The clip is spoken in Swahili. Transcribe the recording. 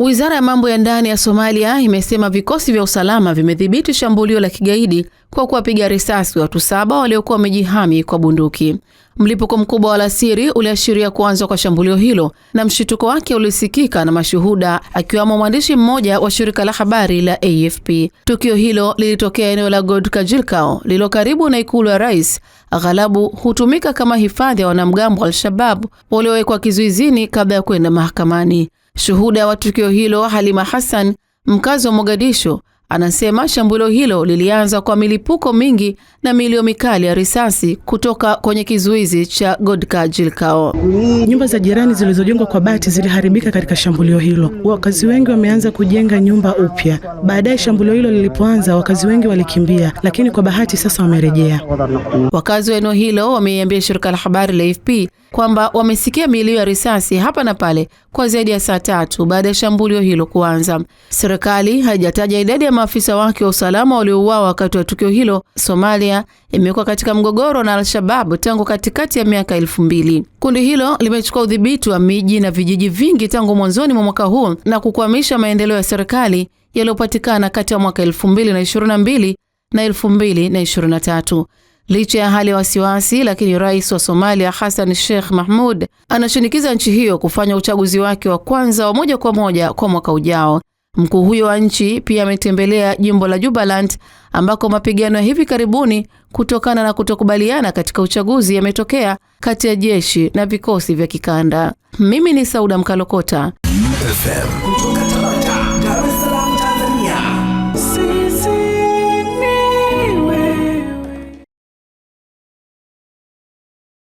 Wizara ya mambo ya ndani ya Somalia imesema vikosi vya usalama vimedhibiti shambulio la kigaidi kwa kuwapiga risasi watu saba waliokuwa wamejihami kwa bunduki. Mlipuko mkubwa wa alasiri uliashiria kuanzwa kwa shambulio hilo na mshituko wake ulisikika na mashuhuda akiwamo mwandishi mmoja wa shirika la habari la AFP. Tukio hilo lilitokea eneo la Godkajilkao lililo karibu na ikulu ya rais, aghalabu hutumika kama hifadhi ya wanamgambo wa Al-Shabab waliowekwa kizuizini kabla ya kwenda mahakamani. Shuhuda wa tukio hilo Halima Hassan, mkazi wa Mogadishu, anasema shambulio hilo lilianza kwa milipuko mingi na milio mikali ya risasi kutoka kwenye kizuizi cha Godka Jilkao. Nyumba za jirani zilizojengwa kwa bati ziliharibika katika shambulio hilo. Wakazi wengi wameanza kujenga nyumba upya. Baadaye shambulio hilo lilipoanza, wakazi wengi walikimbia, lakini kwa bahati sasa wamerejea. Wakazi wa eneo hilo wameiambia shirika la habari la AFP kwamba wamesikia milio ya risasi hapa na pale kwa zaidi ya saa tatu baada ya shambulio hilo kuanza. Serikali haijataja idadi ya maafisa wake wa usalama waliouawa wakati wa tukio hilo. Somalia imekuwa katika mgogoro na Al-Shabaab tangu katikati ya miaka elfu mbili. Kundi hilo limechukua udhibiti wa miji na vijiji vingi tangu mwanzoni mwa mwaka huu na kukwamisha maendeleo ya serikali yaliyopatikana kati ya mwaka 2022 na 2023. Licha ya hali ya wasiwasi, lakini rais wa Somalia Hassan Sheikh Mahmud anashinikiza nchi hiyo kufanya uchaguzi wake wa kwanza wa moja kwa moja kwa mwaka ujao. Mkuu huyo wa nchi pia ametembelea jimbo la Jubaland ambako mapigano ya hivi karibuni kutokana na kutokubaliana katika uchaguzi yametokea kati ya jeshi na vikosi vya kikanda. Mimi ni Sauda Mkalokota FM.